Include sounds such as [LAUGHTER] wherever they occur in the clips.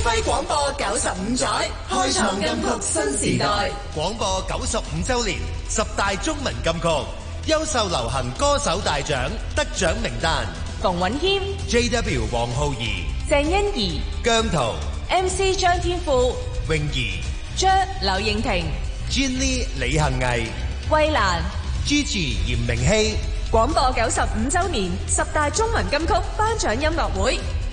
光輝廣播九十五載，開創金曲新時代。廣播九十五周年十大中文金曲優秀流行歌手大獎得獎名單：馮允謙、JW、王灝兒、鄭欣宜、姜濤、MC 張天賦、泳兒、Jer 柳應廷、Gin 李幸倪、衛蘭、Gigi 炎明熹。廣播九十五周年十大中文金曲頒獎音樂會。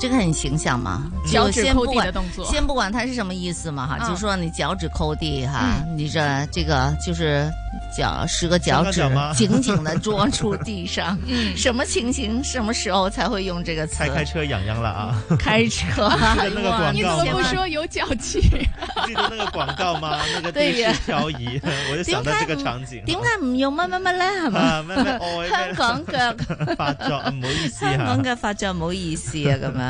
這個很形象嘛，腳先不管先不管它是什麼意思嘛哈，嗯、就說你腳趾摳地哈，你這這個就是腳十個腳趾緊緊，緊，緊，緊的抓住地上，什麼情形什麼時候才會用這個詞？開開車癢癢了啊！開車那個廣告你怎麼不說有腳氣？記得那個廣告嗎？那個對呀，漂移， [LAUGHS] [LAUGHS] 我就想到這個場景。點解唔用？乜乜乜咧？係嘛？香港腳發作，唔好意思啊。香港腳發作，唔好意思啊，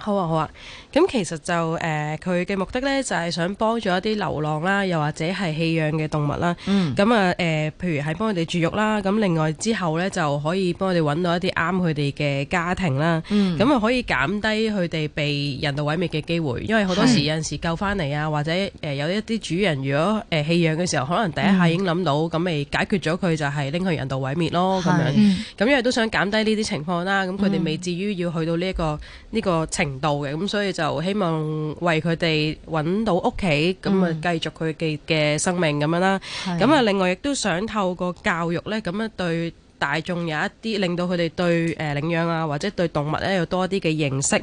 好啊好啊，咁、啊、其實就誒佢嘅目的咧，就係想幫助一啲流浪啦，又或者係棄養嘅動物啦。嗯。咁啊誒譬如係幫佢哋絕育啦，咁另外之後咧就可以幫佢哋揾到一啲啱佢哋嘅家庭啦。嗯。咁啊可以減低佢哋被人道毀滅嘅機會，因為好多時有陣時救翻嚟啊，是或者誒有一啲主人如果誒棄養嘅時候，可能第一下已經諗到，咁咪、嗯、解決咗佢就係拎去人道毀滅咯咁是樣咁因為都想減低呢啲情況啦，咁佢哋未至於要去到呢一個呢個。這個、情。程度嘅咁，所以就希望為佢哋揾到屋企，咁啊繼續佢哋嘅生命咁樣啦。咁啊、嗯，另外亦都想透過教育咧，咁樣對大眾有一啲令到佢哋對誒領養啊，或者對動物咧有多啲嘅認識。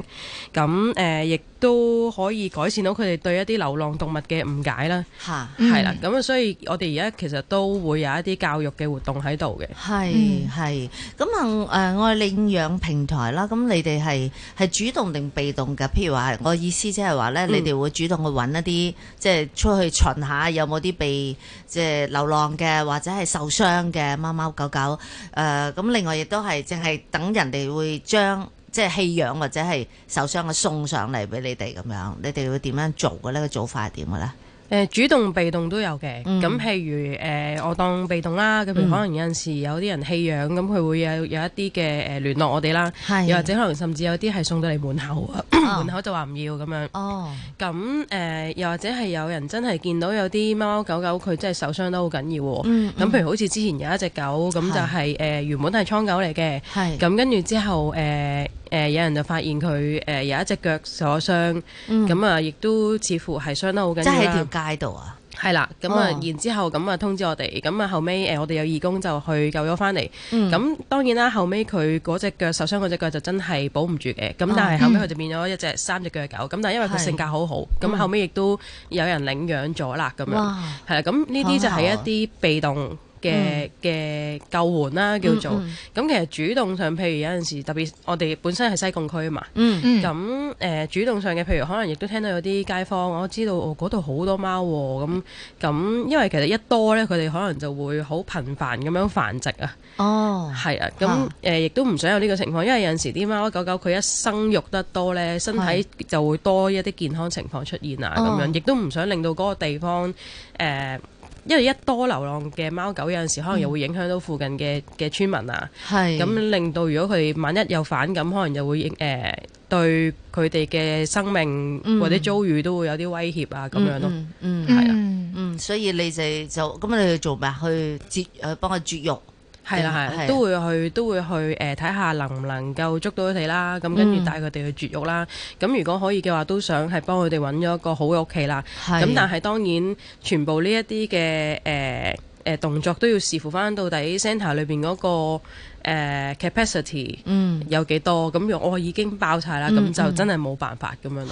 咁誒，亦、呃。都可以改善到佢哋對一啲流浪動物嘅誤解啦，吓，係啦，咁所以我哋而家其實都會有一啲教育嘅活動喺度嘅，係係。咁啊誒，我哋領養平台啦，咁你哋係係主動定被動嘅？譬如話，我意思即係話咧，你哋會主動去揾一啲，嗯、即係出去巡下有冇啲被即係流浪嘅或者係受傷嘅貓貓狗狗誒，咁、呃、另外亦都係淨係等人哋會將，即係棄養或者係受傷嘅送上嚟俾你哋咁樣，你哋會點樣做嘅呢？個做法係點嘅咧？誒、呃，主動、被動都有嘅。咁、嗯、譬如誒、呃，我當被動啦。咁譬如可能有陣時有啲人棄養，咁佢會有有一啲嘅誒聯絡我哋啦。又是或者可能甚至有啲係送到你門口，oh、門口就話唔要咁樣。哦、oh。咁、呃、誒，又或者係有人真係見到有啲貓貓狗狗，佢真係受傷得好緊要喎。嗯，嗯。咁譬如好似之前有一隻狗，咁是就係、是、誒、呃、原本都係倉狗嚟嘅。係是。咁跟住之後誒。呃誒、呃，有人就發現佢誒有一隻腳受傷，咁啊亦都似乎係傷得好緊要啦。即係喺條街度啊？係啦了，咁啊、哦，然之後咁啊通知我哋，咁啊後尾誒我哋有義工就去救咗翻嚟，咁、嗯、當然啦後尾佢嗰隻腳受傷嗰隻腳就真係保唔住嘅，咁、哦、但係後尾，佢就變咗一隻三隻腳嘅狗，咁、哦、但係因為佢性格好好，咁是、嗯、後尾亦都有人領養咗啦，咁哇樣係啦，咁呢啲就係一啲被動。嘅嘅、嗯、救援啦叫做，咁、嗯嗯、其實主動上，譬如有陣時特別，我哋本身係西貢區嘛，咁誒、嗯嗯呃、主動上嘅，譬如可能亦都聽到有啲街坊，我知道嗰度好多貓喎，咁咁因為其實一多呢，佢哋可能就會好頻繁咁樣繁殖、哦、啊，哦、嗯，係、呃、啊，咁誒亦都唔想有呢個情況，因為有陣時啲貓狗狗佢一生育得多呢，身體就會多一啲健康情況出現啊，咁、哦、樣亦都唔想令到嗰個地方誒。呃因為一多流浪嘅貓狗，有陣時可能又會影響到附近嘅嘅村民啊，咁係令到如果佢萬一有反感，可能又會影誒、呃、對佢哋嘅生命或者遭遇都會有啲威脅啊咁、嗯、樣咯，嗯，係、嗯、啊，嗯，嗯，嗯，所以你就就咁你去做咩？去絕誒幫佢絕育。係啦，係都會去都會去誒睇下能唔能夠捉到佢哋啦，咁跟住帶佢哋去絕育啦。咁、嗯、如果可以嘅話，都想係幫佢哋揾咗一個好嘅屋企啦。咁的但係當然全部呢一啲嘅誒。呃誒、呃、動作都要視乎翻到底 centre 裏邊嗰，那個、呃、capacity 有幾多，咁若我已經爆晒啦，咁、嗯、就真係冇辦法咁樣、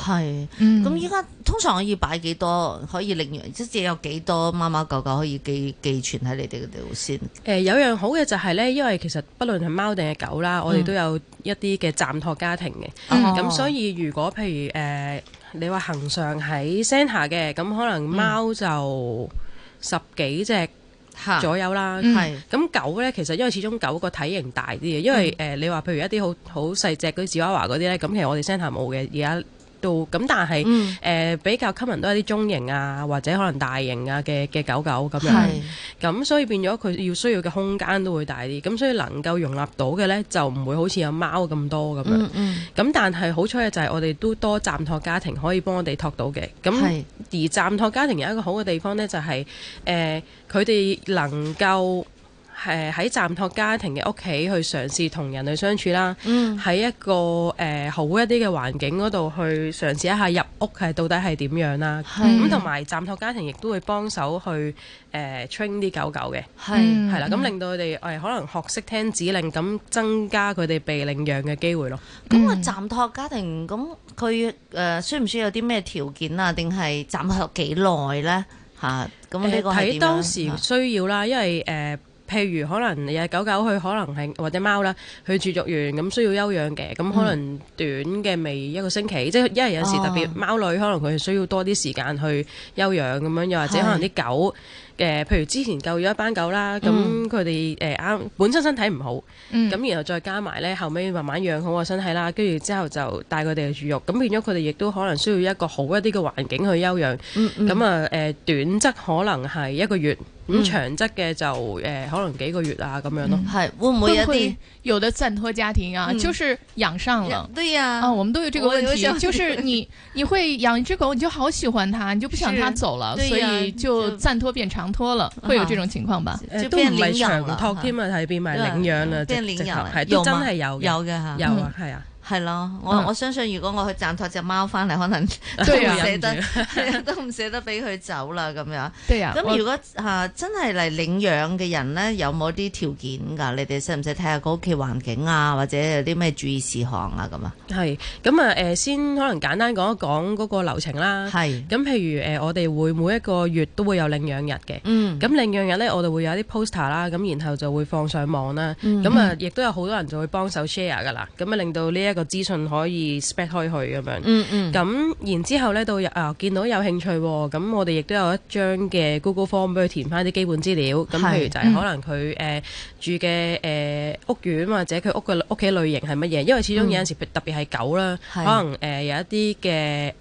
嗯。係，咁依家通常可以擺幾多，可以令完即係有幾多貓貓狗狗可以寄寄存喺你哋嗰度先？誒、呃、有一樣好嘅就係、是、咧，因為其實不論係貓定係狗啦，嗯、我哋都有一啲嘅暫託家庭嘅。咁、嗯、所以如果譬如誒、呃、你話恆常喺 centre 嘅，咁可能貓就十幾隻。嗯左右啦，咁、嗯、狗咧，其實因為始終狗個體型大啲嘅，因為誒、呃、你話譬如一啲好好細隻嗰啲吉娃娃嗰啲咧，咁其實我哋 Centre 冇嘅而家。咁，但係誒、嗯呃、比較吸引都係啲中型啊，或者可能大型啊嘅嘅狗狗咁樣，咁是所以變咗佢要需要嘅空間都會大啲，咁所以能夠容納到嘅呢，就唔會好似有貓咁多咁樣。咁、嗯嗯、但係好彩嘅就係我哋都多暫託家庭可以幫我哋託到嘅。咁是而暫託家庭有一個好嘅地方呢，就係誒佢哋能夠。誒喺暫託家庭嘅屋企去嘗試同人類相處啦，喺、嗯、一個誒、呃、好一啲嘅環境嗰度去嘗試一下入屋係到底係點樣啦，咁同埋暫託家庭亦都會幫手去誒、呃、train 啲狗狗嘅，係啦，咁令到佢哋誒可能學識聽指令，咁增加佢哋被領養嘅機會咯。咁啊、嗯、暫託家庭咁佢誒需唔需要有啲咩條件啊？定係暫託幾耐咧？嚇咁呢個點啊？誒睇當時需要啦，因為誒。呃譬如可能有狗狗佢可能係或者貓啦，去絕育完咁需要休養嘅，咁可能短嘅未一個星期，嗯、即係因為有時特別貓女可能佢需要多啲時間去休養咁樣，又、哦、或者可能啲狗。誒，譬如之前救咗一班狗啦，咁佢哋誒啱本身身體唔好，咁然後再加埋咧，後尾慢慢養好個身體啦，跟住之後就帶佢哋去住育，咁變咗佢哋亦都可能需要一個好一啲嘅環境去休養，咁啊誒短則可能係一個月，咁長則嘅就誒可能幾個月啊咁樣咯。係會唔會一啲有得暫託家庭啊？就是養上了，對啊，啊，我們都有這個問題，就是你，你會養一隻狗，你就好喜歡它，你就不想它走了，所以就暫託變長。長托會有這種情況吧，都唔係長托添啊，係變埋領養啦，即係直頭係都真係有嘅，有嘅有啊係啊。係咯，我、嗯、我相信如果我去暫託隻貓返嚟，可能都唔捨得， [LAUGHS] 都唔捨得俾佢走啦咁樣。咁如果嚇我、啊、真係嚟領養嘅人咧，有冇啲條件㗎？你哋使唔使睇下個屋企環境啊？或者有啲咩注意事項啊？咁啊？係，咁啊誒，先可能簡單講一講嗰個流程啦。係是。咁譬如誒、呃，我哋會每一個月都會有領養日嘅。咁、嗯、領養日咧，我哋會有啲 poster 啦，咁然後就會放上網啦。咁啊、嗯呃，亦都有好多人就會幫手 share 㗎啦。咁啊，令到呢、這、一、個個資訊可以 spec 開去咁樣，嗯嗯，咁然後之後咧到日，啊見到有興趣、哦，咁我哋亦都有一張嘅 Google Form 俾佢填翻啲基本資料，咁是譬如就係可能佢誒、嗯呃、住嘅誒屋苑或者佢屋嘅屋企類型係乜嘢？因為始終有陣時特別係狗啦，嗯、可能誒、呃、有一啲嘅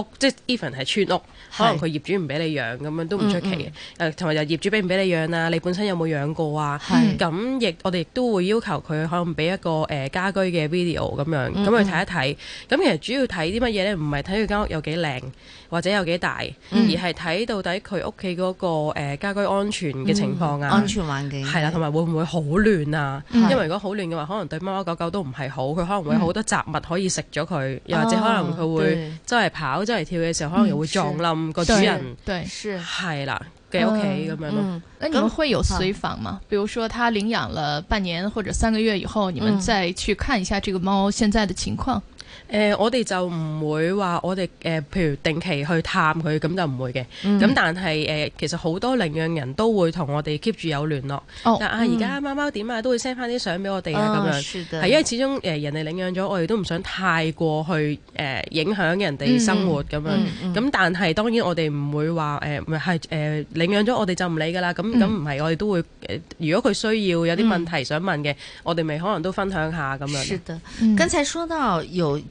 屋，即係 even 係村屋。可能佢業主唔俾你養咁是樣都唔出奇嘅，誒同埋又業主俾唔俾你養啊？你本身有冇養過啊？咁亦是我哋亦都會要求佢可能俾一個誒、呃、家居嘅 video 咁樣，咁去睇一睇。咁其實主要睇啲乜嘢咧？唔係睇佢間屋有幾靚。或者有幾大，嗯、而係睇到底佢屋企嗰個、呃、家居安全嘅情況啊，嗯、安全環境係啦，同埋會唔會好亂啊？會會啊嗯、因為如果好亂嘅話，可能對貓貓狗狗都唔係好，佢可能會好多雜物可以食咗佢，又、嗯、或者可能佢會周圍跑、嗯、周圍跳嘅時候，可能又會撞冧個主人。是對，係啦，嘅屋企咁樣咯。咁、嗯、你們會有隨訪嘛？比如說，他領養了半年或者三個月以後，嗯、你們再去看一下這個貓現在嘅情況。誒、呃，我哋就唔會話我哋誒、呃，譬如定期去探佢，咁就唔會嘅。咁、嗯、但係誒、呃，其實好多領養人都會同我哋 keep 住有聯絡。哦，但啊，而家、嗯、貓貓點啊，都會 send 翻啲相俾我哋啊，咁樣。係、哦、因為始終誒、呃、人哋領養咗，我哋都唔想太過去誒、呃、影響人哋生活咁、嗯、樣。咁、嗯嗯、但係當然我哋唔會話誒，唔係係誒領養咗我哋就唔理㗎啦。咁咁唔係我哋都會，呃、如果佢需要有啲問題、嗯、想問嘅，我哋咪可能都分享下咁樣。是的，嗯、剛才說到有。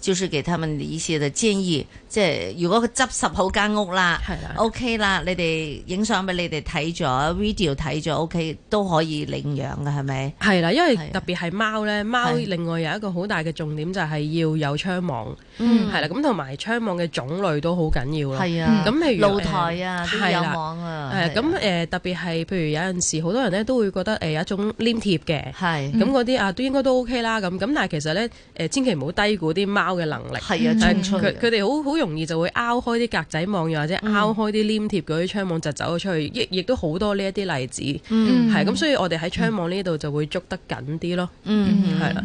就是給他們一些的建議，即係如果佢執拾好間屋啦，係啦，OK 啦，你哋影相俾你哋睇咗，video 睇咗，OK 都可以領養嘅係咪？係啦，因為特別係貓咧，貓另外有一個好大嘅重點就係要有窗網，嗯，係啦，咁同埋窗網嘅種類都好緊要啦，係啊，咁譬如露台啊，都有網啊，係啊，咁誒特別係譬如有陣時好多人咧都會覺得誒有一種黏貼嘅，係，咁嗰啲啊都應該都 OK 啦，咁咁但係其實咧誒千祈唔好低估啲貓嘅能力係啊，佢佢哋好好容易就會拗開啲格仔網，又或者拗開啲黏貼嗰啲窗網，就走咗出去。亦亦都好多呢一啲例子，係咁、嗯，所以我哋喺窗網呢度就會捉得緊啲咯。嗯，係啦。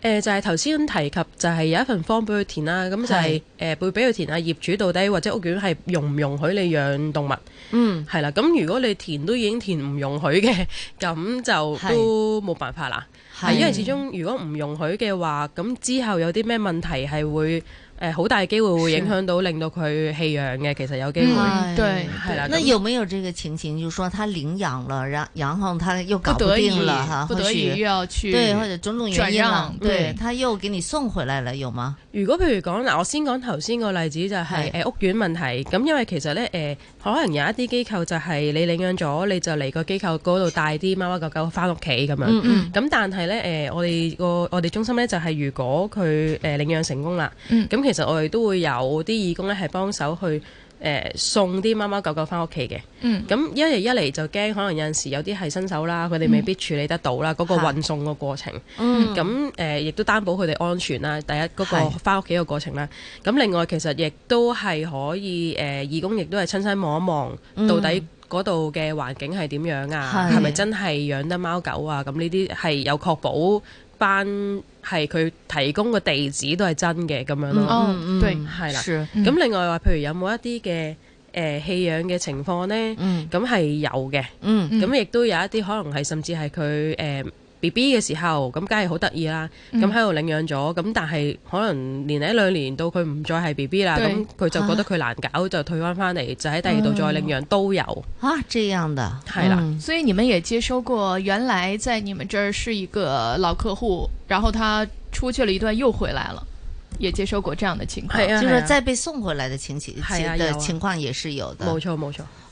誒、呃，就係頭先提及，就係、是、有一份方俾佢填啦，咁就係、是、誒，會俾佢填下，業主到底或者屋苑係容唔容許你養動物？嗯，係啦，咁如果你填都已經填唔容許嘅，咁就都冇辦法啦。係是，因為始終如果唔容許嘅話，咁之後有啲咩問題係會？誒好大機會會影響到，令到佢棄養嘅，其實有機會。對，係啦。那有沒有這個情形，就說他領養了，然後他又搞不定了，不得已要去，對，或者種種原因，對，他又給你送回來了，有嗎？如果譬如講，嗱，我先講頭先個例子就係誒屋苑問題，咁因為其實咧誒，可能有一啲機構就係你領養咗，你就嚟個機構嗰度帶啲貓貓狗狗翻屋企咁樣，咁但係咧誒，我哋個我哋中心咧就係如果佢誒領養成功啦，咁。其實我哋都會有啲義工咧，係幫手去誒、呃、送啲貓貓狗狗翻屋企嘅。嗯，咁一嚟一嚟就驚，可能有陣時有啲係新手啦，佢哋未必處理得到啦。嗰、嗯、個運送個過程，嗯，咁誒、呃、亦都擔保佢哋安全啦。第一嗰、那個翻屋企個過程啦，咁是另外其實亦都係可以誒、呃，義工亦都係親身望一望，嗯、到底嗰度嘅環境係點樣啊？係咪是真係養得貓狗啊？咁呢啲係有確保班。係佢提供嘅地址都係真嘅，咁樣咯。嗯，嗯，係啦。咁另外話，譬如有冇一啲嘅誒棄養嘅情況呢？咁係有嘅。嗯，咁亦都有一啲可能係甚至係佢誒。呃 B B 嘅時候，咁梗係好得意啦。咁喺度領養咗，咁、嗯、但係可能年一兩年到佢唔再係 B B 啦，咁佢對就覺得佢難搞，啊、就退翻翻嚟，就喺第二度再領養、嗯、都有。啊，這樣的，係啦。嗯、所以你們也接收過，原來在你們這是一個老客戶，然後他出去了一段又回來了，也接收過這樣的情況，是啊是啊、就是再被送回來的情況，的情況也是有的。冇、啊啊、錯，冇錯。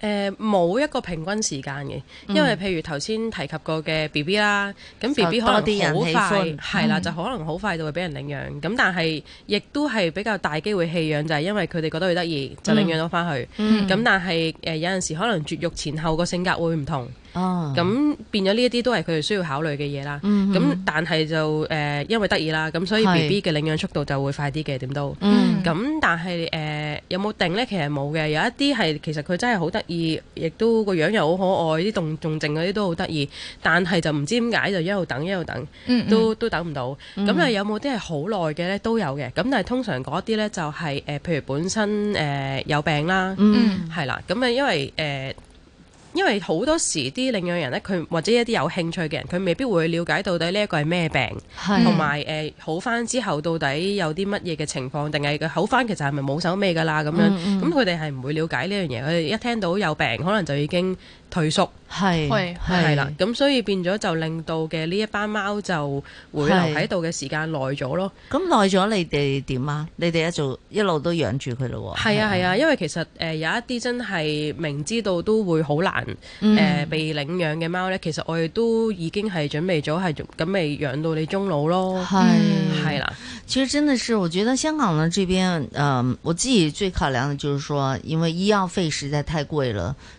誒冇、呃、一個平均時間嘅，因為譬如頭先提及過嘅 B B 啦，咁 B B 可能好快，係啦，的嗯、就可能好快就會俾人領養。咁但係亦都係比較大機會棄養，就係、是、因為佢哋覺得佢得意，就領養咗翻去。咁、嗯嗯、但係、呃、有陣時可能絕育前後個性格會唔同。咁、oh. 變咗呢一啲都係佢哋需要考慮嘅嘢啦。咁、mm hmm. 但係就、呃、因為得意啦，咁所以 B B 嘅領養速度就會快啲嘅點都。咁、mm. 但係、呃、有冇定呢？其實冇嘅，有一啲係其實佢真係好得意，亦都個樣又好可愛，啲動靜嗰啲都好得意。但係就唔知點解就一路等一路等，都都等唔到。咁啊、mm hmm. 有冇啲係好耐嘅呢？都有嘅。咁但係通常嗰啲呢，就係譬如本身、呃、有病啦，係啦、mm，咁、hmm. 啊因為、呃因為好多時啲領養人咧，佢或者一啲有興趣嘅人，佢未必會了解到底呢一個係咩病，同埋誒好翻之後到底有啲乜嘢嘅情況，定係佢好翻其實係咪冇手尾㗎喇咁樣？咁佢哋係唔會了解呢樣嘢，佢哋一聽到有病，可能就已經。退縮係係係啦，咁所以變咗就令到嘅呢一班貓就會留喺度嘅時間耐咗咯。咁耐咗，你哋點啊？你哋一早一路都養住佢咯？係啊係啊，啊因為其實誒、呃、有一啲真係明知道都會好難誒、嗯呃、被領養嘅貓呢。其實我哋都已經係準備咗係咁未養到你終老咯。係係啦，嗯啊、其實真的是，我覺得香港呢邊，嗯、呃，我自己最考量嘅就是說，因為醫藥費實在太貴了。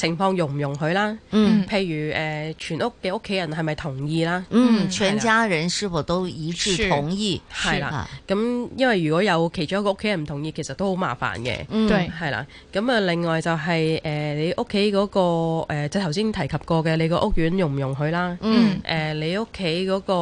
情況容唔容許啦？嗯，譬如誒，全屋嘅屋企人係咪同意啦？嗯，全家人是否都一致同意？係啦，咁因為如果有其中一個屋企人唔同意，其實都好麻煩嘅。對，係啦。咁啊，另外就係誒，你屋企嗰個誒，即係頭先提及過嘅，你個屋苑容唔容許啦？嗯，誒，你屋企嗰個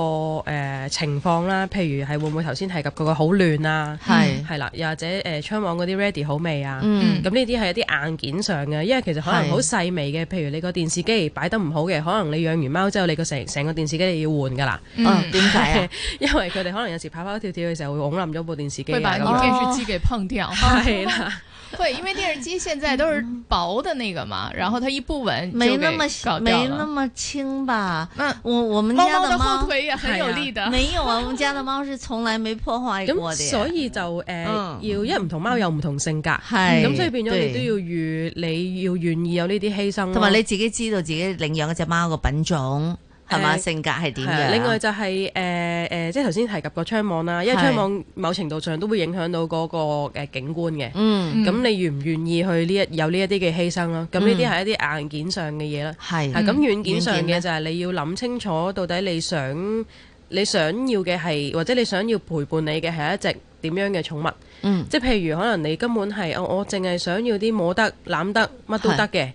誒情況啦，譬如係會唔會頭先提及嗰個好亂啊？係係啦，又或者誒，窗網嗰啲 ready 好未啊？嗯，咁呢啲係一啲硬件上嘅，因為其實可能好。細微嘅，譬如你個電視機擺得唔好嘅，可能你養完貓之後，你個成成個電視機要換㗎啦。嗯，點解？ [LAUGHS] 因為佢哋可能有時跑跑跳跳嘅時候會拱冧咗部電視機。佢把個電視機給、啊哦、樣碰掉。係啦。會，因為電視機現在都是薄的那個嘛，然後它一不穩，沒那麼小沒那麼輕吧？那我我們貓貓的後腿也很有力的。沒有啊，我們家的貓是從來沒破壞過的。所以就誒要因為唔同貓有唔同性格係，咁所以變咗你都要預，你要願意有呢啲犧牲，同埋你自己知道自己領養一隻貓嘅品種。係嘛、呃、性格係點嘅？另外就係誒誒，即係頭先提及個窗網啦，因為窗網某程度上都會影響到嗰個景觀嘅。嗯，咁你願唔願意去呢一有呢一啲嘅犧牲咯？咁呢啲係一啲硬件上嘅嘢啦。係是。咁，軟件上嘅就係你要諗清楚，到底你想你想要嘅係，或者你想要陪伴你嘅係一隻。點樣嘅寵物？嗯、即係譬如可能你根本係、哦、我我淨係想要啲摸得攬得乜都得嘅，咁、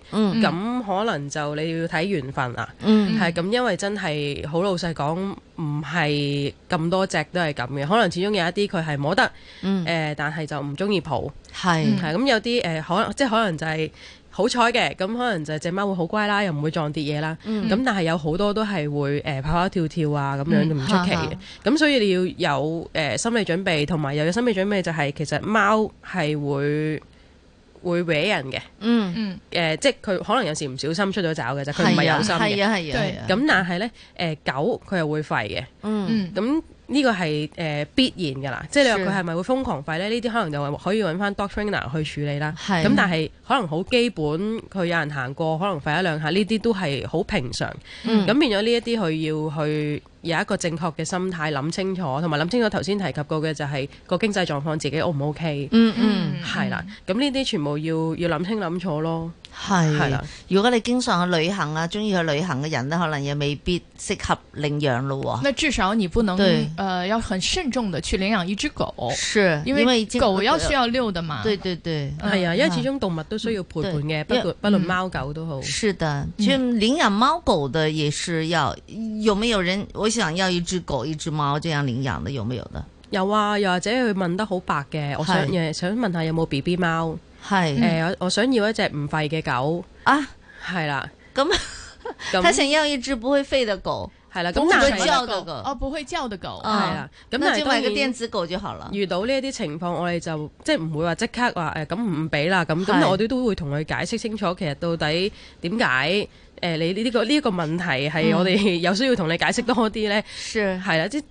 嗯、可能就你要睇緣分啦。係咁、嗯，嗯、因為真係好老實講，唔係咁多隻都係咁嘅。可能始終有一啲佢係摸得，誒、嗯呃，但係就唔中意抱。係係咁，嗯、有啲誒、呃，可能即係可能就係、係。好彩嘅，咁可能就係隻貓會好乖啦，又唔會撞跌嘢啦。咁、嗯、但係有好多都係會誒、呃、跑跑跳跳啊，咁樣就唔出奇嘅。咁、嗯、所以你要有誒、呃、心理準備，同埋又有心理準備就係、是、其實貓係會會搣人嘅。嗯嗯，呃、即係佢可能有時唔小心出咗爪嘅啫，佢唔係有心嘅。啊係、嗯、啊。咁、啊啊、對但係咧誒狗佢又會吠嘅。嗯。咁、嗯。嗯呢個係誒、呃、必然㗎啦，即係你話佢係咪會瘋狂吠咧？呢啲是可能就話可以揾翻 doctor trainer 去處理啦。咁是、嗯、但係可能好基本，佢有人行過，可能吠一兩下，呢啲都係好平常。咁、嗯、變咗呢一啲，佢要去有一個正確嘅心態，諗清楚，同埋諗清楚頭先提及過嘅就係個經濟狀況自己 O 唔 O K。嗯啦嗯，係啦，咁呢啲全部要要諗清諗楚咯。係，如果你經常去旅行啊，中意去旅行嘅人咧，可能也未必適合領養咯。那至少你不能，誒對、呃，要很慎重的去領養一隻狗。是，因為狗要需要遛的嘛。對對對，係啊、哎，因為始終動物都需要陪伴嘅，嗯、對不不論貓狗都好。是的，就領養貓狗的也是要，有沒有人我想要一隻狗一隻貓這樣領養的？有沒有的？有啊，又或者佢問得好白嘅，我想是想問下有冇 BB 貓。係誒是、欸，我想要一隻唔吠嘅狗啊，係啦，咁，佢想要一隻不會吠的狗，係啦、嗯，咁的不會叫嘅狗，哦，不會叫的狗，係啦的，咁、嗯、就買個電子狗就好了。遇到呢一啲情況，我哋就即係唔會話即刻話誒，咁唔俾啦，咁咁的我哋都會同佢解釋清楚，其實到底點解？誒、呃，你呢呢、這個呢一、這個問題係我哋有需要同你解釋多啲咧，係啦、嗯，即係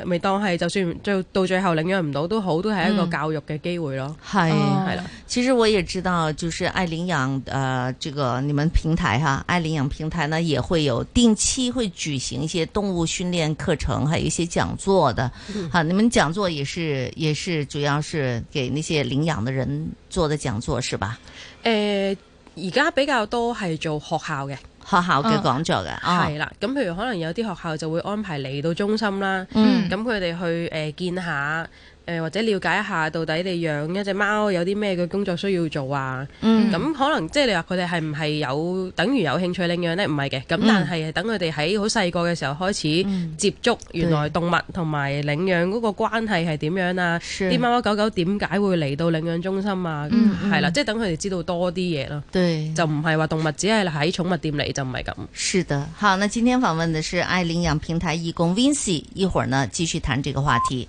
誒，咪、呃、當係就算到到最後領養唔到都好，都係一個教育嘅機會咯。係係啦，是嗯、其實我也知道，就是愛領養誒、呃，這個你們平台哈、啊，愛領養平台呢，也會有定期會舉行一些動物訓練課程，還有一些講座的。好、嗯啊，你們講座也是也是主要是給那些領養的人做的講座，是吧？誒、呃，而家比較多係做學校嘅。學校嘅講座㗎，係啦、哦。咁、哦、譬如可能有啲學校就會安排嚟到中心啦，咁佢哋去誒見下。誒或者了解一下，到底你養一隻貓有啲咩嘅工作需要做啊？嗯，咁可能即係、就是、你話佢哋係唔係有等於有興趣領養呢？唔係嘅，咁但係、嗯、等佢哋喺好細個嘅時候開始接觸原來動物同埋領養嗰個關係係點樣啊？啲對是貓貓狗狗點解會嚟到領養中心啊？嗯，係啦的，即係等佢哋知道多啲嘢咯。對，就唔係話動物只係喺寵物店嚟就唔係咁。是的，好，那今天訪問嘅是愛領養平台義工 Vincy，一會兒呢繼續談這個話題。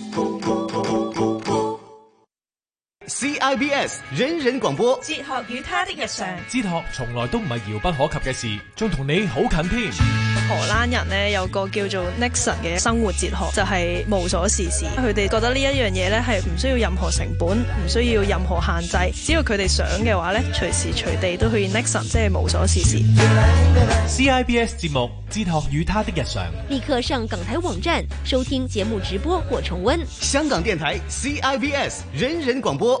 C I B S 人人廣播，哲學與他的日常，哲學從來都唔係遙不可及嘅事，仲同你好近添。荷蘭人呢，有個叫做 Nixon 嘅生活哲學，就係無所事事。佢哋覺得呢一樣嘢呢，係唔需要任何成本，唔需要任何限制，只要佢哋想嘅話呢，隨時隨地都可以 Nixon，即係無所事事。C I B S 節目《哲學與他的日常》，立刻上港台網站收聽節目直播或重溫。香港電台 C I B S 人人廣播。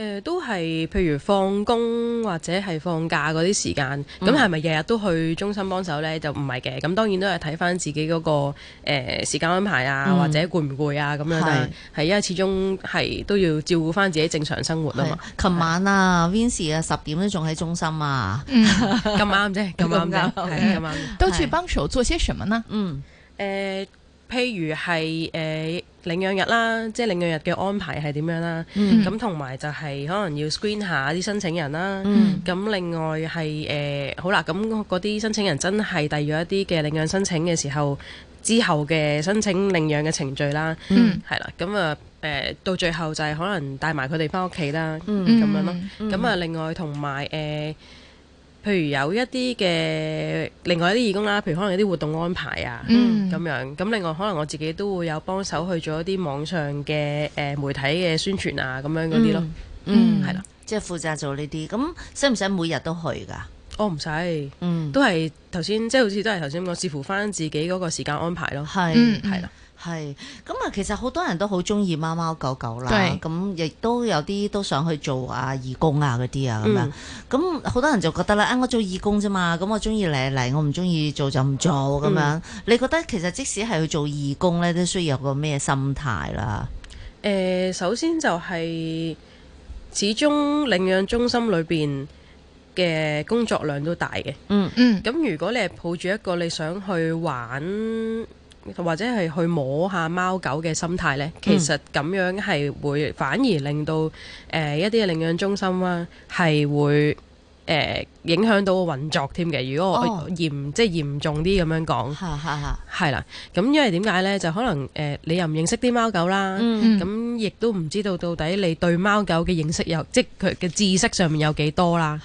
誒都係，譬如放工或者係放假嗰啲時間，咁係咪日日都去中心幫手呢？就唔係嘅。咁當然都係睇翻自己嗰個誒時間安排啊，或者攰唔攰啊咁樣啦。係因為始終係都要照顧翻自己正常生活啊嘛。琴晚啊 Vince 啊，十點都仲喺中心啊，咁啱啫，咁啱，係咁啱。都去幫手做些什麼呢？嗯，誒。譬如係誒、呃、領養日啦，即係領養日嘅安排係點樣啦？咁同埋就係可能要 screen 一下啲申請人啦。咁、嗯、另外係誒、呃、好啦，咁嗰啲申請人真係遞咗一啲嘅領養申請嘅時候，之後嘅申請領養嘅程序啦，係、嗯、啦。咁啊誒到最後就係可能帶埋佢哋翻屋企啦，咁、嗯、樣咯。咁啊、嗯、另外同埋誒。呃譬如有一啲嘅另外一啲義工啦，譬如可能有啲活動安排啊，咁樣，嗯，咁另外可能我自己都會有幫手去做一啲網上嘅誒，呃，媒體嘅宣傳啊，咁樣嗰啲咯，嗯，嗯，係啦，即係負責做呢啲，咁使唔使每日都去噶？我唔使，嗯，都係頭先即係好似都係頭先咁講，視乎翻自己嗰個時間安排咯，係，係啦。係，咁啊，其實好多人都好中意貓貓狗狗啦，咁亦都有啲都想去做啊義工啊嗰啲啊咁、嗯、樣，咁好多人就覺得啦，啊、哎、我做義工啫嘛，咁我中意嚟嚟，我唔中意做就唔做咁樣。嗯、你覺得其實即使係去做義工呢，都需要有個咩心態啦？誒、呃，首先就係始終領養中心裏邊嘅工作量都大嘅，嗯嗯。咁、嗯、如果你係抱住一個你想去玩。或者係去摸下貓狗嘅心態咧，其實咁樣係會反而令到誒、呃、一啲領養中心啦，係會誒，影響到個運作添嘅，如果我嚴、哦、即係嚴重啲咁樣講，係係係，係啦。咁因為點解咧？就可能誒、呃，你又唔認識啲貓狗啦，咁亦都唔知道到底你對貓狗嘅認識有，嗯、即佢嘅知識上面有幾多啦。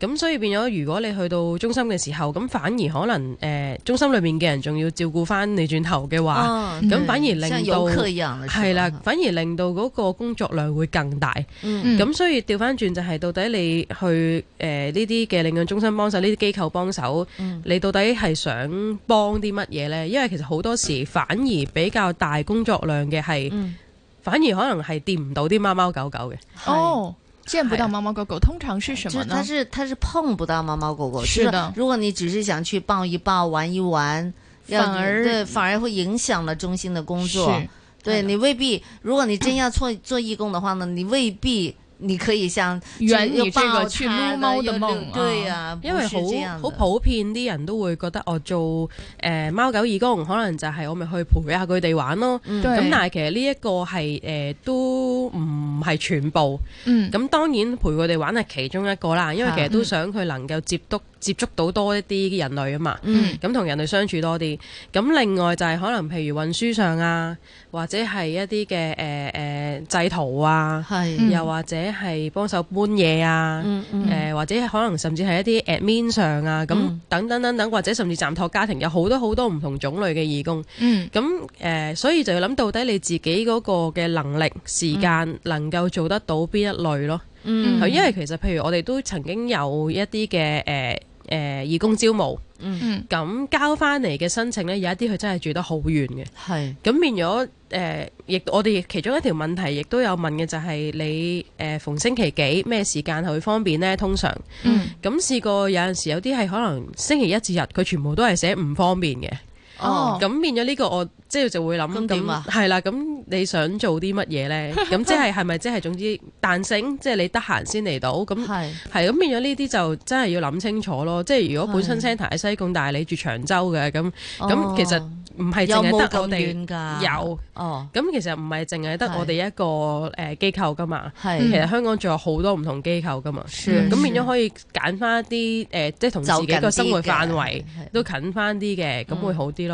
咁、嗯、所以變咗，如果你去到中心嘅時候，咁反而可能誒、呃，中心裏面嘅人仲要照顧翻你轉頭嘅話，咁、哦、反而令到係啦，反而令到嗰個工作量會更大。咁、嗯、所以調翻轉就係到底你去誒呢啲。呃令到中心幫手，呢啲機構幫手，嗯、你到底係想幫啲乜嘢呢？因為其實好多時反而比較大工作量嘅係，嗯、反而可能係掂唔到啲貓貓狗狗嘅。哦，是見不到貓貓狗狗，啊、通常是什麼呢？是，它是它是碰不到貓貓狗狗。是的，是如果你只是想去抱一抱、玩一玩，反而反而會影響了中心的工作。對，你未必， [COUGHS] 如果你真要做做義工嘅話呢？你未必。你可以像圓你呢個貓擼貓的夢，對啊，因為好好普遍啲人都會覺得我做誒貓、呃、狗義工，可能就係我咪去陪下佢哋玩咯。咁、嗯、但係其實呢一個係誒、呃、都唔係全部。咁、嗯、當然陪佢哋玩係其中一個啦，因為其實都想佢能夠接觸，接觸到多一啲人類啊嘛，咁同、嗯、人類相處多啲。咁另外就係可能譬如運輸上啊，或者係一啲嘅、呃、製圖啊，是嗯、又或者係幫手搬嘢啊、嗯嗯呃，或者可能甚至係一啲 admin 上啊，咁、嗯、等等等等，或者甚至暫托家庭，有好多好多唔同種類嘅義工。咁、嗯呃、所以就要諗到底你自己嗰個嘅能力、時間能夠做得到邊一類咯。嗯、因為其實譬如我哋都曾經有一啲嘅誒、呃、義工招募，嗯嗯，咁交翻嚟嘅申請呢，有一啲佢真係住得好遠嘅，咁係變咗誒，亦、呃、我哋其中一條問題，亦都有問嘅就係你誒、呃、逢星期幾咩時間去方便呢？通常，嗯，咁試過有陣時有啲係可能星期一至日，佢全部都係寫唔方便嘅。哦，咁變咗呢個，我即係就會諗點，係啦，咁你想做啲乜嘢咧？咁即係係咪即係總之彈性？即係你得閒先嚟到，咁係咁變咗呢啲就真係要諗清楚咯。即係如果本身 centre 喺西貢，但係你住長洲嘅咁，咁其實唔係淨係得我哋有。咁其實唔係淨係得我哋一個誒機構噶嘛。其實香港仲有好多唔同機構噶嘛。咁變咗可以揀翻一啲誒，即係同自己個生活範圍都近翻啲嘅，咁會好啲咯。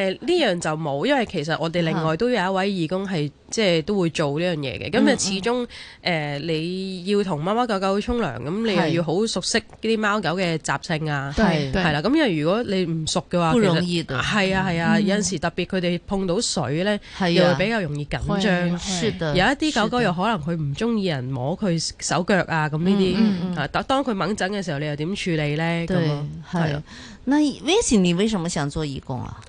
呢樣就冇，因為其實我哋另外都有一位義工係即係都會做呢樣嘢嘅。咁誒始終誒、嗯嗯呃、你要同貓貓狗狗沖涼，咁你又要好熟悉呢啲貓狗嘅習性啊，係啦對 對。咁因為如果你唔熟嘅話，會冷熱啊。係啊係啊，啊嗯、有陣時特別佢哋碰到水咧，又比較容易緊張。啊、有一啲狗狗又可能佢唔中意人摸佢手腳啊，咁呢啲。當佢掹震嘅時候，你又點處理咧？咁對 啊係。那 Vince 你為什麼想做義工啊？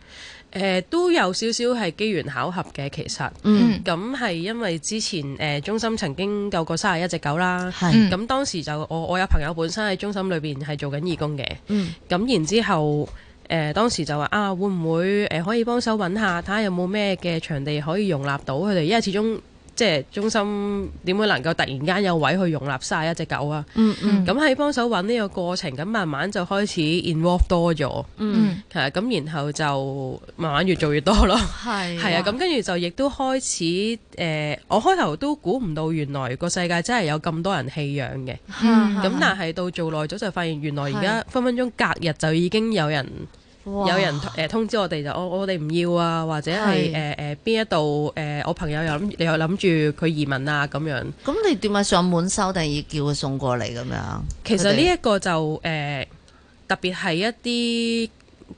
呃、都有少少係機緣巧合嘅，其實，咁係、嗯、因為之前誒、呃、中心曾經救過三十一隻狗啦，咁是當時就我我有朋友本身喺中心裏面係做緊義工嘅，咁、嗯、然之後誒、呃、當時就話啊會唔會、呃、可以幫手揾下，睇下有冇咩嘅場地可以容納到佢哋，因為始終。即係中心點會能夠突然間有位去容納晒一隻狗啊！嗯嗯，咁、嗯、喺幫手搵呢個過程，咁慢慢就開始 involve 多咗、嗯，嗯，係咁，然後就慢慢越做越多咯，係，係啊，咁跟住就亦都開始誒、呃，我開頭都估唔到原來個世界真係有咁多人棄養嘅，咁、嗯嗯、但係到做耐咗就發現原來而家分分鐘隔日就已經有人。哇有人通知我哋就我我哋唔要啊，或者係邊是、呃、一度、呃、我朋友你又諗又諗住佢移民啊咁樣。咁你點解上門收定要叫佢送過嚟咁樣？其實呢一個就、呃、特別係一啲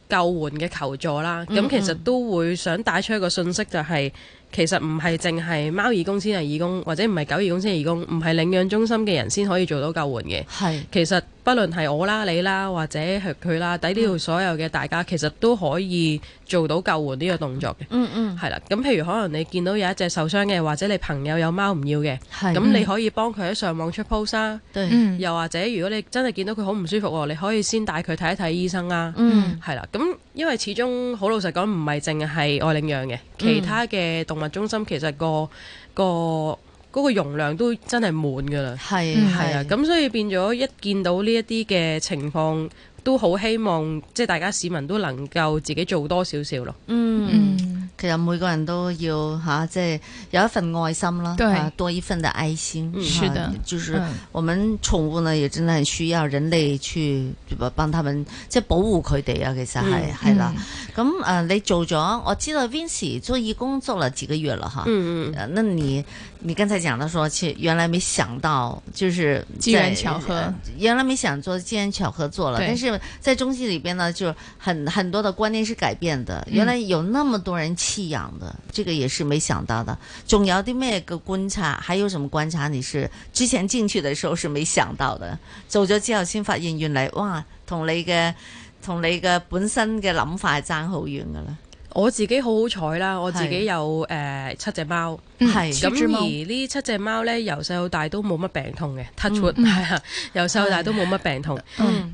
救援嘅求助啦。咁、嗯嗯、其實都會想帶出一個信息、就係，就係其實唔係淨係貓義工先係義工，或者唔係狗義工先係義工，唔係領養中心嘅人先可以做到救援嘅。是其實。不論係我啦、你啦，或者係佢啦，底呢度所有嘅大家，其實都可以做到救援呢個動作嘅。嗯嗯，係啦。咁譬如可能你見到有一隻受傷嘅，或者你朋友有貓唔要嘅，咁的你可以幫佢喺上網出 post 啊。對嗯、又或者如果你真係見到佢好唔舒服，你可以先帶佢睇一睇醫生啦、啊。嗯。係啦，咁因為始終好老實講，唔係淨係愛領養嘅，其他嘅動物中心其實個個。嗰個容量都真係滿㗎啦，係啊，咁所以變咗一見到呢一啲嘅情況，都好希望即係大家市民都能夠自己做多少少咯。嗯，其實每個人都要嚇，即係有一份愛心啦，多一份嘅愛心。嗯，是的，就是我們寵物呢，也真的很需要人類去幫幫他們，即係保護佢哋啊，其實係係啦。咁誒，你做咗我知道 Vince 都已工作咗幾個月啦嚇，嗯嗯，那你？你剛才講到說，原來沒想到，就是機緣巧合。原來沒想做，機緣巧合做了。對但是在中西裏邊呢，就很很多的觀念是改變的。嗯、原來有那麼多人棄養的，這個也是沒想到的。仲有啲咩個觀察？還有什麼觀察？你是之前進去的時候是沒想到的，做咗之後先發現原來，哇，同你嘅同你嘅本身嘅諗法係爭好遠噶啦。我自己好好彩啦，我自己有誒是、呃、七隻貓。係咁而呢七隻貓咧，由細到大都冇乜病痛嘅，touch，係啊，由細到大都冇乜病痛。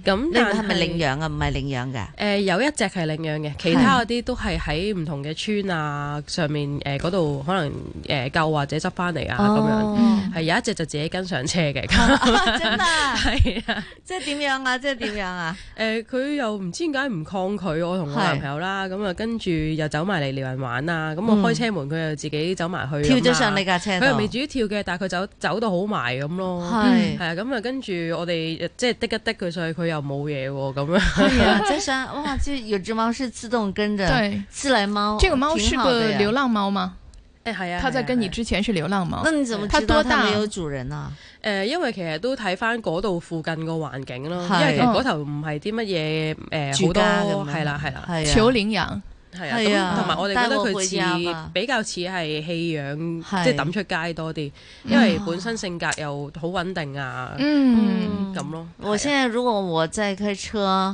咁但係咪領養啊？唔係領養嘅？誒有一隻係領養嘅，其他嗰啲都係喺唔同嘅村啊上面誒嗰度可能誒救或者執翻嚟啊咁樣。係有一隻就自己跟上車嘅。真啊！係啊！即係點樣啊？即係點樣啊？誒佢又唔知點解唔抗拒我同我男朋友啦。咁啊跟住又走埋嚟撩人玩啊。咁我開車門，佢又自己走埋去。跳上呢架車，佢又未至於跳嘅，但係佢走走到好埋咁咯。係啊，咁啊，跟住我哋即係滴一滴佢，上去，佢又冇嘢喎咁樣。真係哇，即係有隻貓是自動跟着，自來貓。這個貓是個流浪貓嗎？誒，係啊。它在跟你之前是流浪貓，那你怎麼知道它沒有主人啊？誒，因為其實都睇翻嗰度附近個環境咯，因為其實嗰頭唔係啲乜嘢誒，好多係啦係啦，求領養。係啊，同埋我哋、啊、覺得佢似比較似係棄養，即係抌出街多啲，啊、因為本身性格又好穩定啊，嗯，咁咯。我現在如果我在開車。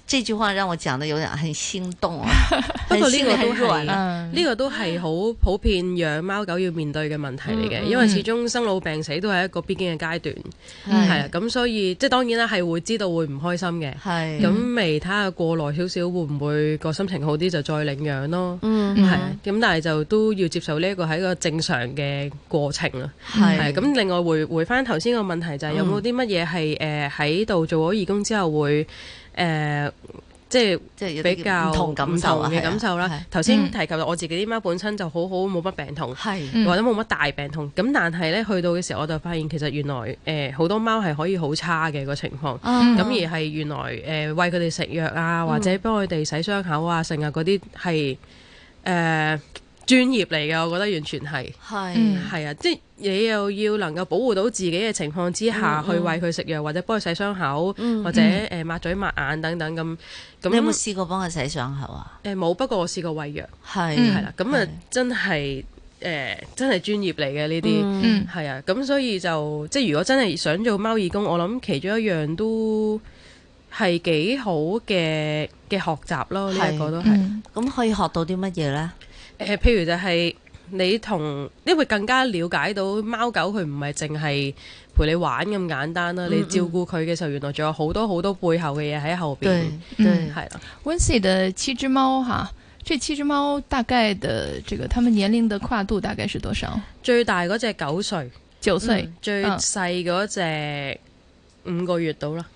這句話讓我講得有點很心動啊！不過呢個都係，呢個都係好普遍養貓狗要面對嘅問題嚟嘅，因為始終生老病死都係一個必經嘅階段，係啦。咁所以即係當然啦，係會知道會唔開心嘅。係咁，未睇下過耐少少會唔會個心情好啲，就再領養咯。係咁，但係就都要接受呢一個係一個正常嘅過程啦。係咁，另外回回翻頭先個問題就係有冇啲乜嘢係誒喺度做咗義工之後會？誒、呃，即係比較唔同，同感受嘅感受啦。頭先，啊啊啊、提及到我自己啲貓本身就好好，冇乜病痛，啊啊、或者冇乜大病痛。咁、啊嗯、但係呢，去到嘅時候我就發現，其實原來誒好、呃、多貓係可以好差嘅個情況。咁、嗯、而係原來誒喂佢哋食藥啊，或者幫佢哋洗傷口啊，成日嗰啲係誒。專業嚟嘅，我覺得完全係係係啊，即係你又要能夠保護到自己嘅情況之下，去喂佢食藥，或者幫佢洗傷口，或者誒抹嘴抹眼等等咁。咁有冇試過幫佢洗傷口啊？誒，冇，不過我試過喂藥係係啦。咁啊，真係誒，真係專業嚟嘅呢啲，係啊。咁所以就即係如果真係想做貓義工，我諗其中一樣都係幾好嘅嘅學習咯。呢個都係。咁可以學到啲乜嘢咧？誒、呃，譬如就係你同，你會更加了解到貓狗佢唔係淨係陪你玩咁簡單啦，嗯嗯、你照顧佢嘅時候，原來仲有好多好多背後嘅嘢喺後邊。對，係、嗯、啦。Wendy 的七隻貓即係這七隻貓大概嘅，這個他們年齡嘅跨度大概是多少？最大嗰隻九歲，九歲，最細嗰隻五個月到啦。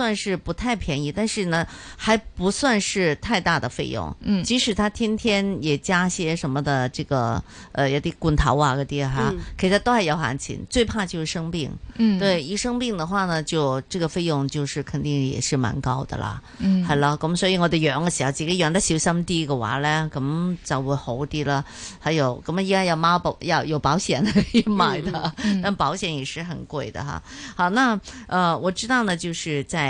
算是不太便宜，但是呢，還不算是太大的費用。嗯，即使他天天也加些什麼的這個呃，有啲罐頭啊嗰啲哈，其實都還要花錢。最怕就是生病。嗯，對，一生病的話呢，就這個費用就是肯定也是蠻高的啦。嗯，係咯，咁所以我哋養嘅時候，自己養得小心啲嘅話呢，咁就會好啲啦。還有咁啊，依家有貓保，又有保險可以 [LAUGHS] 買的，嗯、但保險也是很貴的哈。好，那呃，我知道呢，就是在。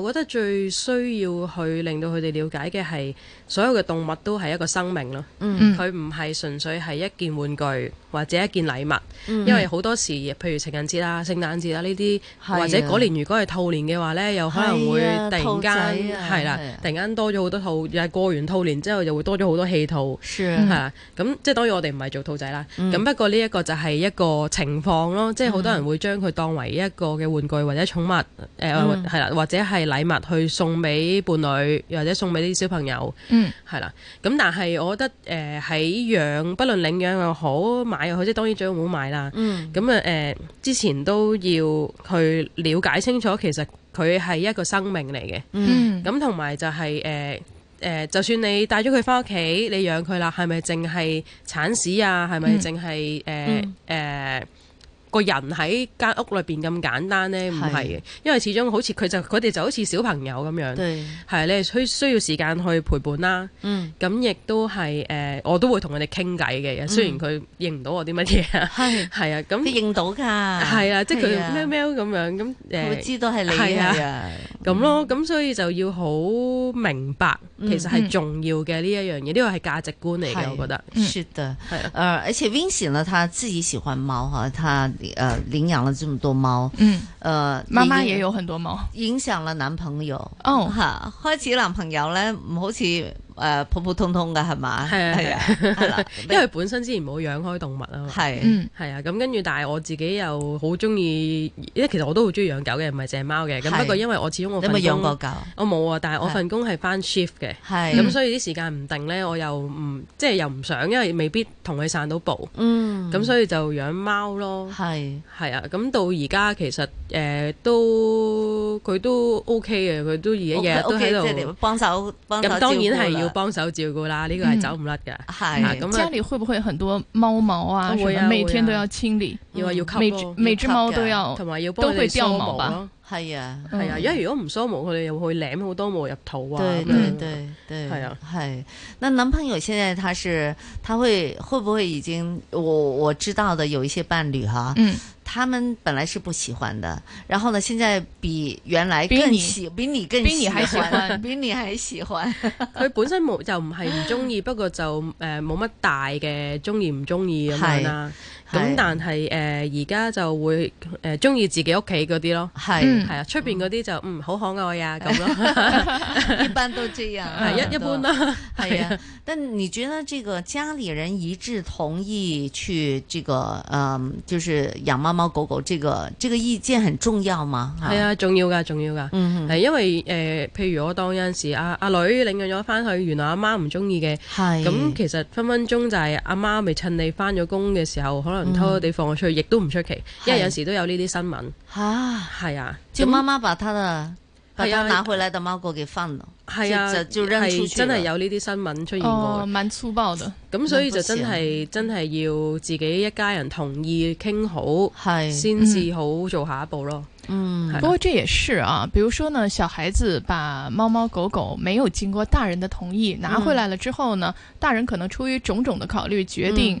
我覺得最需要去令到佢哋了解嘅係，所有嘅動物都係一個生命咯，佢唔係純粹係一件玩具。或者一件禮物，因為好多時，譬如情人節啊、聖誕節啊呢啲，或者嗰年如果係兔年嘅話咧，又可能會突然間係啦，突然間多咗好多兔，又係過完兔年之後又會多咗好多棄兔，係啦。咁即係當然我哋唔係做兔仔啦。咁不過呢一個就係一個情況咯，即係好多人會將佢當為一個嘅玩具或者寵物，誒係啦，或者係禮物去送俾伴侶，或者送俾啲小朋友，係啦。咁但係我覺得誒喺養不論領養又好，買佢，即當然最好唔好買啦。咁啊，誒，之前都要去了解清楚，其實佢係一個生命嚟嘅。咁同埋就係誒誒，就算你帶咗佢返屋企，你養佢啦，係咪淨係鏟屎啊？係咪淨係誒誒？嗯呃嗯個人喺間屋裏面咁簡單咧？唔係嘅，因為始終好似佢就佢哋就好似小朋友咁樣，係你需需要時間去陪伴啦。咁亦都係誒，我都會同佢哋傾偈嘅，嗯、雖然佢認唔的 [LAUGHS] 到我啲乜嘢啊，係啊，咁你認到㗎，係啊，即係佢喵喵咁樣咁誒，呃、知道係你啊的。咁咯，咁所以就要好明白，其實係重要嘅呢一樣嘢，呢個係價值觀嚟嘅，我覺得。係啊，而且 Vincent 呢，他自己喜歡貓哈，他誒領養了這麼多貓，嗯，誒媽媽也有很多貓，影響了男朋友。哦，吓開始男朋友咧唔好似。誒，普普通通嘅，係嘛？係啊係啊，因為本身之前冇養開動物啊嘛。係，係啊，咁跟住，但係我自己又好中意，因為其實我都好中意養狗嘅，唔係只貓嘅。咁不過因為我始終我份工，你有冇養過狗？我冇啊。但係我份工係翻 shift 嘅，咁所以啲時間唔定咧，我又唔即係又唔想，因為未必同佢散到步。咁所以就養貓咯。係係啊，咁到而家其實誒都佢都 OK 嘅，佢都而家日日都喺度幫手幫咁，當然係要。幫手照顧啦，呢個係走唔甩嘅。係咁，家裡會不會很多貓毛啊？每天都要清理。每隻每隻貓都要，同埋要係啊，係啊，嗯、因為如果唔梳毛，佢哋又會舐好多毛入肚啊。對對對，係、嗯、啊，係。那男朋友現在他是，他會會不會已經，我我知道的有一些伴侶哈、啊，嗯，他們本來是不喜歡的，然後呢，現在比原來更喜，比你，比你更喜歡，比你還喜歡。佢 [LAUGHS] [LAUGHS] 本身冇就唔係唔中意，不過就誒冇乜大嘅中意唔中意咁樣啦。咁但係誒而家就會誒中意自己屋企嗰啲咯，係係啊出邊嗰啲就嗯好可愛啊咁咯，一般都知啊，係一一般啦，係啊。但你覺得這個家裡人一致同意去這個嗯，就是養貓貓狗狗，這個這個意見很重要嗎？係啊，重要噶，重要噶，嗯係因為誒，譬如我當有陣時，阿阿女領養咗翻去，原來阿媽唔中意嘅，係咁其實分分鐘就係阿媽咪趁你翻咗工嘅時候，可能。唔偷偷地放佢出去，亦都唔出奇，因為有時都有呢啲新聞，係啊，叫媽媽把他的，係啊，拿回來的貓狗給放了，係啊，就真係有呢啲新聞出現過，蠻粗暴的，咁所以就真係真係要自己一家人同意傾好，係先至好做下一步咯。嗯，不過這也是啊，比如說呢，小孩子把貓貓狗狗沒有經過大人的同意拿回來了之後呢，大人可能出於種種的考慮，決定。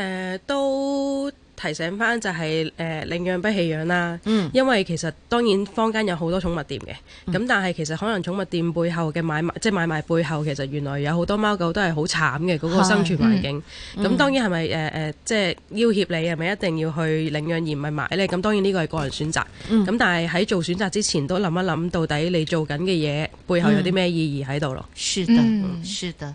誒、呃，都提醒翻就係、是、誒、呃、領養不棄養啦，嗯、因為其實當然坊間有好多寵物店嘅，咁、嗯、但係其實可能寵物店背後嘅買賣，即係買賣背後其實原來有好多貓狗都係好慘嘅嗰個生存環境，咁、嗯嗯、當然係咪誒誒，即、呃、係、就是、要挾你係咪一定要去領養而唔係買呢？咁當然呢個係個人選擇，咁、嗯、但係喺做選擇之前都諗一諗，到底你做緊嘅嘢背後有啲咩意義喺度咯？是的，嗯、是的。